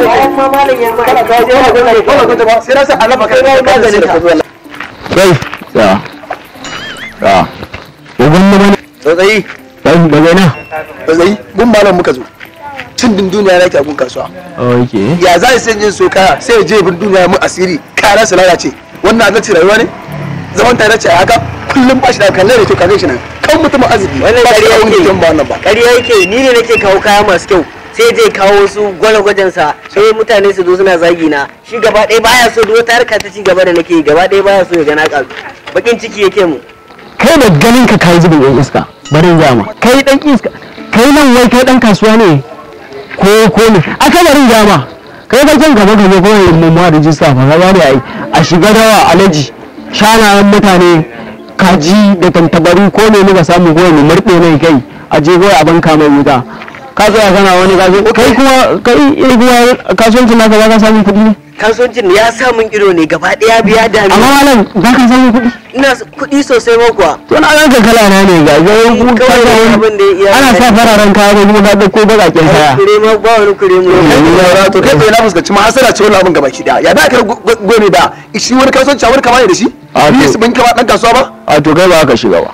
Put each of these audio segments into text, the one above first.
bayan ma malam malam muka zo cin din duniya na kyagun kasuwa oh, ya za sai yin so kaya sai ya je bin duniya mu asiri kaya su lalace wannan azanci rayuwa ne zaman tare ce haka kullum ba shi da kallon da to kage shi nan kan mutum arziki wannan kariya yake ba wannan ba kariya yake ni ne nake kawo kaya masu kyau sai je kawo su gwaje gwajinsa, sai mutane su zo suna zagi na shi gaba ɗaya baya so duk wata harka ta ci gaba da nake gaba ɗaya baya so ya gana ƙaru bakin ciki yake mu kai da ganin ka kai zubin yan iska barin jama kai dan iska kai nan wai kai dan kasuwa ne ko ko ne a in jama kai ka kin gaba gaba ko mun ma rijista ba gaba bari ai a shiga dawa alaji shanayen mutane kaji da tantabaru ko ne muka samu ko ne murɗe ne kai a je goya a banka mai wuta ka tsaya kana wani ka kai kuma kai irguwa kasuwancin naka ba ka samun kuɗi ne kasuwancin ya samun ido ne gaba ɗaya biya da amma malam ba ka samun kuɗi ina kuɗi sosai ma kuwa to na ranka kala na ne ga ga ana sa fararen kaya ko kuma ka dauko bazakin kaya kure ma ba wani kure mu ne to kai bai na fuskanci ma hasara ce wannan abin gaba ki da ya da ka gone da shi wani kasuwanci a wani kama ne da shi ni su ban kama dan kasuwa ba a to kai ba ka shiga ba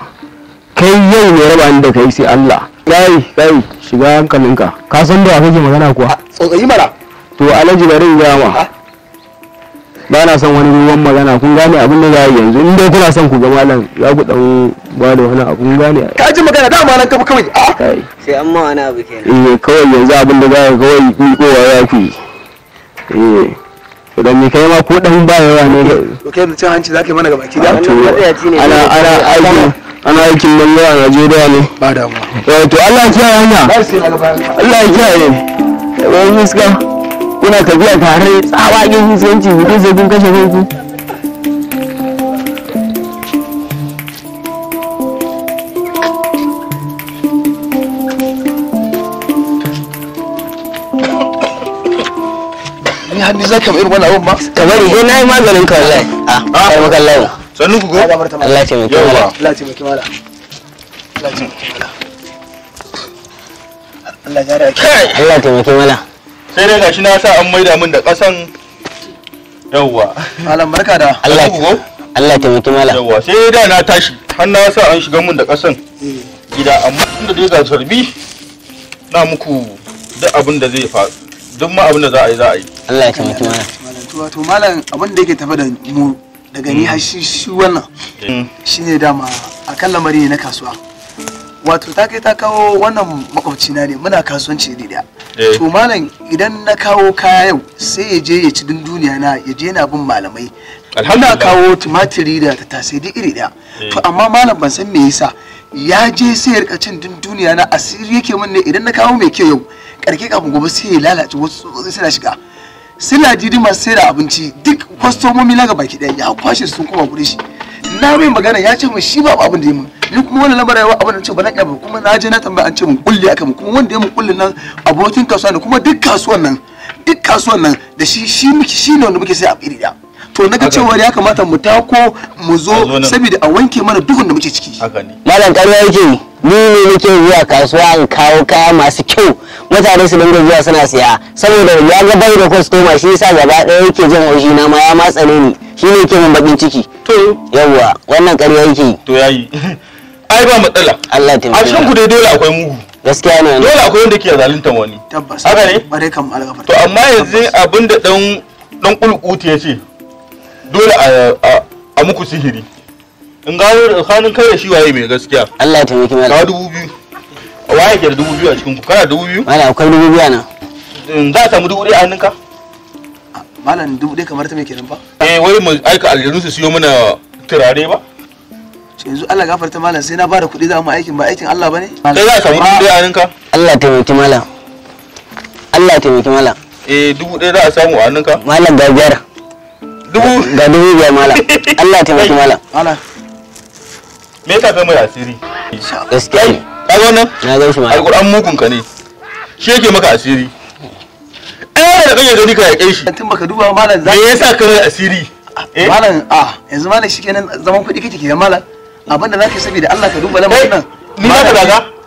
kai yau ne raba ni da kai sai Allah Kai, kai, shiga hankalinka. Ka san da kake magana kuwa? Ah, tsotsayi mara. To Alhaji bari in gaya ma. Ah. Ba na son wani ruwan magana kun gane abin da za yanzu in dai kuna son ku ga malam za ku dan ba da wani abin kun gane. Ka ji magana da malam kafa kawai. Ah. Kai. Sai an ma wani abu kenan. Eh kawai yanzu abin da za a kawai ku kowa ya ki Eh. idan ni kai ma ko dan ba yawa ne. Kai da cin hanci zaka ka yi mana da. Ana ana aiki. ana aikin bango a najeriya ne ba eh, to allah ya kiyaye hanya allah ya kiyaye eh, wani fuska kuna tafiya tare tsabagen fuskanci bikin sai kun kashe kanku ni hannu za ka wani abun ba? ka bari dai eh, na yi maganin ka wallahi a ah. kai makallawa sannu ku go Allah ce mai Allah Allah Allah ya sai dai gashi na sa an maida min da kasan yawwa malam barka da Allah ku go Allah mala yawwa sai da na tashi har na sa an shiga min da kasan eh. gida amma tunda dai ga sarbi na muku duk abin da zai faru duk ma abin da za a yi za a yi Allah ya taimaki to malam abin da yake tafa da mu daga gani har shi shi mm. ne dama dama akan lamari na kasuwa wato ta kai ta kawo wannan makwabci na ne muna kasuwanci ne daya. Eh. to malam idan na kawo kaya yau sai ya je ya ci duniya na ya je na bin malamai muna kawo tumatiri da tattasai duk iri daya eh. to amma malam ban san me yasa ya je sai ya rika cin duniya na asiri yake mun ne idan na kawo mai kyau yau karke kafin gobe sai ya lalace wasu suna shiga sila didimar sai da abinci duk kwastomomi na gaba ɗaya ya kwashe sun kuma kuɗi shi na mai magana ya ce min shi ba abin da ya mun ni kuma wani lamarin yawa abin da ce ba na ƙyaba kuma na je na tambaya an ce mun kulle aka mun kuma wanda ya mun kulle nan abokin kasuwa ne kuma duk kasuwan nan duk kasuwan nan da shi shi muke shi ne wanda muke sai a iri ɗaya to naga cewa ya kamata mu tako mu zo saboda a wanke mana duhun da muke ciki malam ƙarya yake ni ne nake zuwa kasuwa in kawo kaya masu kyau mutane su dinga zuwa suna siya saboda ya ga bai da kwastoma shi yasa gaba ɗaya yake jin haushi na ma ya matsale ni shi ne yake min baƙin ciki to yawwa wannan ƙarya yake to yayi ai ba matsala Allah ta a cikin ku dai dole akwai mugu gaskiya ne dole akwai wanda ke zalunta wani tabbas haka ne bare kan algafar to amma yanzu abinda dan dan kulkuti ce. dole a a muku sihiri in gano tsakanin kai da shi waye mai gaskiya Allah ya taimake mu ka dubu biyu waye ke da dubu biyu a cikin ku kana dubu biyu mana akwai dubu biyu na mm, za a samu dubu ɗaya a hannunka malam dubu ɗaya kamar ta me kenan ba eh wai mu aika aljanu su siyo mana turare ba yanzu Allah gafarta malam sai na ba da kuɗi za mu aikin ba aikin Allah bane sai za a samu dubu ɗaya a hannunka Allah ta taimaki malam Allah ta taimaki malam eh dubu ɗaya za a samu a hannunka malam ga biyar dubu ga dubu biyar malam Allah ta taimaki malam malam me yasa kai mai asiri gaskiya ne kaga nan na gan shi ma alquran mugun ka ne shi yake maka asiri eh da kake gani ka yake shi tun baka duba malam me yasa ka mai asiri eh? malam a ah, yanzu malam shikenan zaman kuɗi kake kenan malam abinda zaka saboda Allah ka duba lamarin eh, nan ni ma ka daga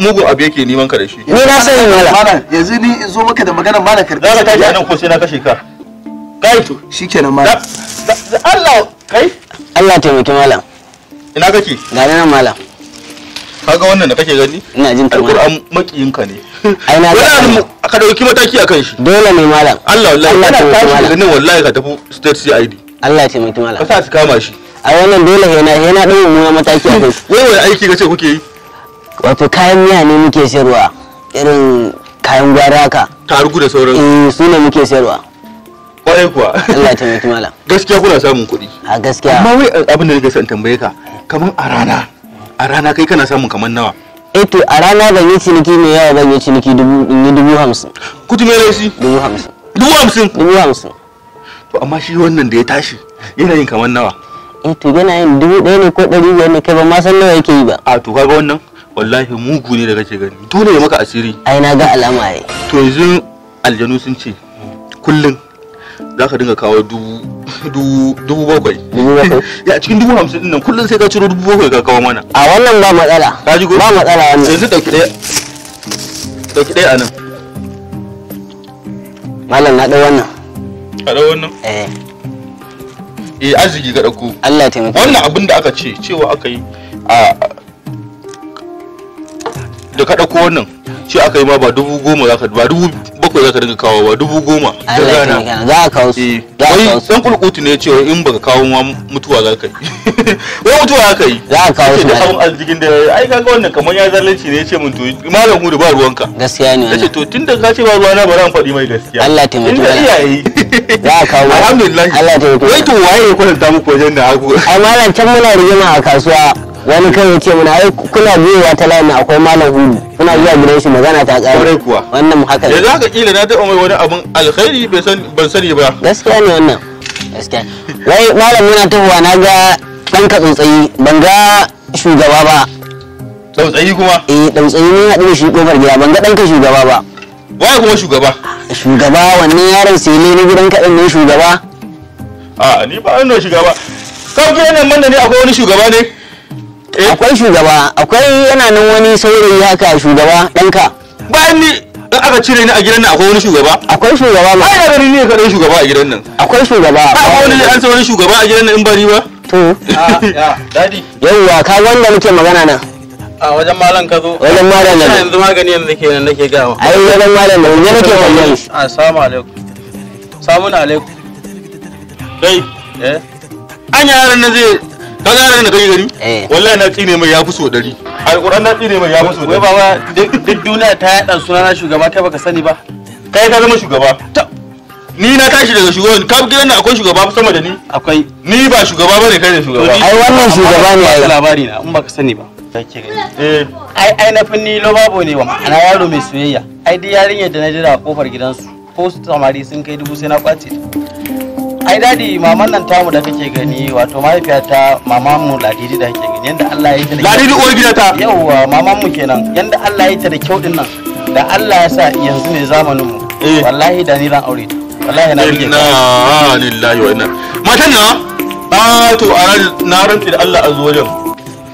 mugun abu yake neman ka da shi ni na sani Mala yanzu ni in zo maka da maganar malam karbi za ka tashi nan ko sai na kashe ka kai to shikenan malam Allah kai Allah taimaki malam ina kake ga nan malam kaga wannan da kake gani ina jin kamar alquran makiyinka ne ai na ga ka dauki mataki akan shi dole ne malam Allah wallahi Allah ta tashi daga nan wallahi ka tafi state CID Allah taimaki malam ka sa su kama shi a wannan dole yana yana dawo mu mataki akan shi wai wai aiki kace kuke yi wato kayan miya ne muke sayarwa irin kayan gwara haka tarugu da sauran eh su ne muke sayarwa kwarai kuwa Allah ta mutu mala gaskiya kuna samun kuɗi a gaskiya amma wai eh, abin da nake son tambaye ka kaman a rana a rana kai kana samun kaman nawa eh to a rana ban yi ciniki mai yawa ban yi ciniki dubu dubu hamsin kutu mai raisi dubu hamsin dubu hamsin dubu hamsin to amma shi wannan da ya tashi yana yin kaman nawa eh to yana yin dubu ɗaya ne ko ɗari biyar ne kai ba ma san nawa yake yi ba a to kaga wannan wallahi mugu ne da kake gani dole ya maka asiri ai na ga alama ai to yanzu aljanu sun ce kullum za ka dinga kawo dubu bakwai ya cikin dubu hamsin nan kullum sai ka ciro dubu bakwai ka kawo mana a wannan ba matsala ka ji ba matsala wannan yanzu dauki ɗaya dauki ɗaya anan malam na ɗau wannan ka ɗau wannan eh eh arziki ga ɗauko Allah ya taimaka wannan abin da aka ce cewa aka yi a da ka ɗauko wannan shi aka yi ma ba dubu goma za ka ba dubu bakwai za ka dinga kawo ba dubu goma da rana za ka kawo su eh. kawo su dan kulkutu ne cewa in baka kawo ma mutuwa za ka yi wai mutuwa za ka yi za ka kawo su da hawan arzikin da ai ka ga wannan kamar ya zalunci ne ce mun to malam da ba ruwanka gaskiya ne wannan to tunda ka ce ba ruwana ba ran faɗi mai gaskiya Allah ta mutu inda iyaye za ka kawo alhamdulillah Allah ta mutu wai to waye ya kwatanta muku wajen da aku amma malam can muna rigima a kasuwa wani kan ya ce muna aiki kuna biyowa ta layin akwai malam hulu kuna zuwa gidan shi magana ta ƙara kuwa wannan haka ne yanzu haka kila na taɓa mai wani abun alkhairi ban sani ba gaskiya ne wannan gaskiya wai malam yana tahowa na ga ɗan ka tsuntsayi ban ga shugaba ba tsuntsayi kuma eh tsuntsayi ne haɗu da shi ƙofar gida ban ga ɗan ka shugaba ba waye kuma shugaba shugaba wannan yaron sai ne na gidan kaɗan ne shugaba a ni ba an shugaba kan gidan nan ne akwai wani shugaba ne Eh? akwai shugaba akwai yana nan wani saurayi haka shugaba ɗanka bayan ni in aka cire ni a gidan nan akwai wani shugaba akwai shugaba ba ai gari ne dai shugaba a gidan nan akwai shugaba ba wani an san wani shugaba a gidan nan in bari ba to ah, ya dadi yauwa ka wanda muke magana na a wajen malam ka zo wajen malam ne yanzu magani yanzu ke nan nake gawa ai wajen malam ne ne nake kallon shi ah, assalamu alaikum assalamu alaikum dai eh an yaran nan zai ka ga yaran da kai gari eh. wallahi na tsine mai yafi so dari alquran na tsine mai yafi so dari baba duk duniya ta yada sunana shugaba kai baka sani ba kai ka zama shugaba ni na tashi daga shugaban ka gidan nan akwai shugaba sama da ni akwai ni ba shugaba bane kai ne shugaba ai wannan shugaba ne ai labari na in baka sani ba kake gani eh ai ai na finni lobabo ne wa ma'ana yaro mai soyayya ai dai yarinyar da na jira a kofar gidansu ko su samari sun kai dubu sai na kwace ta ai dadi maman nan tamu da kake gani wato mahaifiyata maman mu ladidi da kake gani yanda Allah ya yi ta da ladidi uwar ta yawa maman mu kenan yanda Allah ya yi ta da kyau din nan da Allah ya sa yanzu ne zamanin mu eh. wallahi da ni ran aure wallahi na rike inna lillahi wa inna matan na a to a na rantsi da Allah azu wajen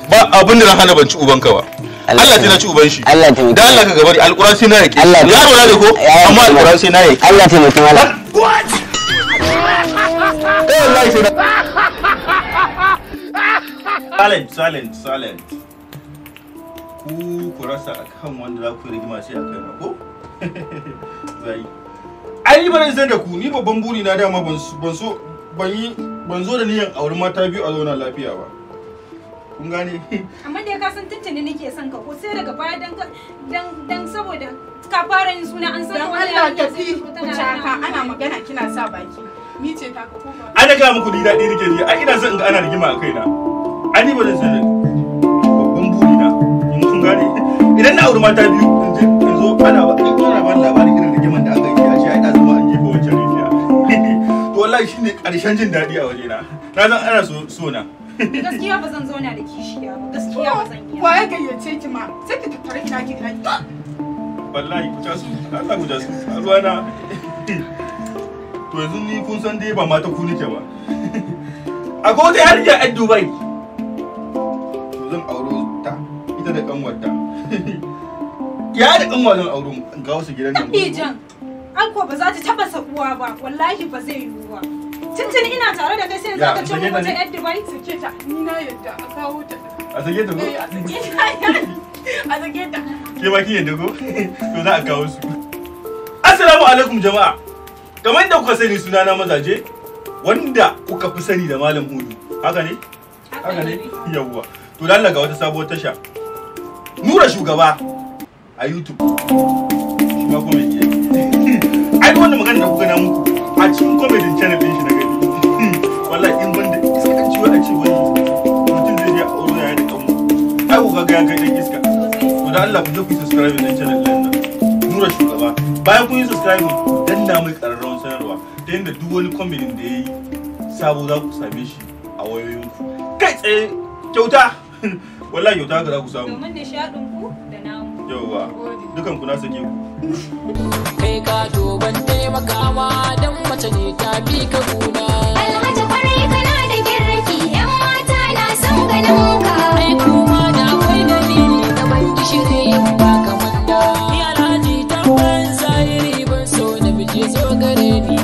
ba abin da na hana ban ci ka ba Allah ta ci uban shi Allah ta da Allah ka gabari alquran sai na yake yaro na da ko amma alquran sai na yake Allah ta mutum Allah wallahi sai silent silent silent ni zan da ni babban buri na dama ban yi ban zo da niyan auri mata biyu a zauna lafiya ba kun gane amma da ka san tuntuni nake son ka ko sai daga baya dan dan dan saboda ka fara yin suna an san Allah ku ana magana kina sa baki Ni ce ta ko ba. Ai muku ni daɗi rike ni. a ina zan ga ana rigima a kaina. ani ba zan san babban buri na. In kun gane idan na auri mata biyu in je in zo ana ba in ana ba labarin irin rigiman da aka yi a ce ai da zuwa an jefa wancan rijiya. To wallahi shine karshen jin daɗi a waje Na na zan ana so so na. gaskiya ba zan zauna da kishiya ba gaskiya ba zan iya waye gayyace ki ma sai ki tattare ina ki wallahi ku ta su Allah ku ta su ruwana to yanzu ni kun san dai ba mata ku nake ba a akwai har ya a dubai to zan auro ta ita da kanwarta ya da kanwa zan auro in kawo su gidan nan bijan an ko ba za ta taba sakuwa ba wallahi ba zai yiwu ba tuntuni ina tare da kai sai za ka ce mu wata yar dubai sake ta ni na yadda a kawo ta a sake ta ko eh, a sake ta ta ke ba ki yadda ko to za a kawo su assalamu alaikum jama'a kamar da kuka sani sunana mazaje wanda kuka fi sani da malam hudu haka ne haka ne yawwa to allah ga wata sabuwar tasha nura shugaba a youtube shi kuma yake ai wannan magana da kuka na muku a cikin comedy channel din shi na gani wallahi in banda iska ci ciwo a ciwo mutum zai je a aure ya da kanmu ai ku ga ya kai da iska to dan Allah ku je ku subscribe din channel din nan nura shugaba bayan kun yi subscribe danna mai karatu ta yadda duk wani kwamilin da ya yi sabo za ku same shi a wayoyinku kai tsaye kyauta Wala kyauta haka za ku samu domin nishaɗinku da namu yauwa ku na sake ku kai ka dogon taimaka ma dan mace ne ta bi ka gona alhaji kwarai kana da girki yan mata na son ganin ka ai kuma da akwai dalili da ban gishiri ba kamar da ni alhaji ta tambayan zahiri ban so na bije zo gare ni